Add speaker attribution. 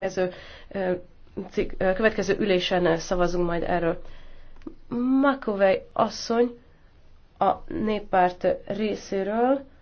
Speaker 1: következő, cik, következő ülésen szavazunk majd erről. Makovej asszony a néppárt részéről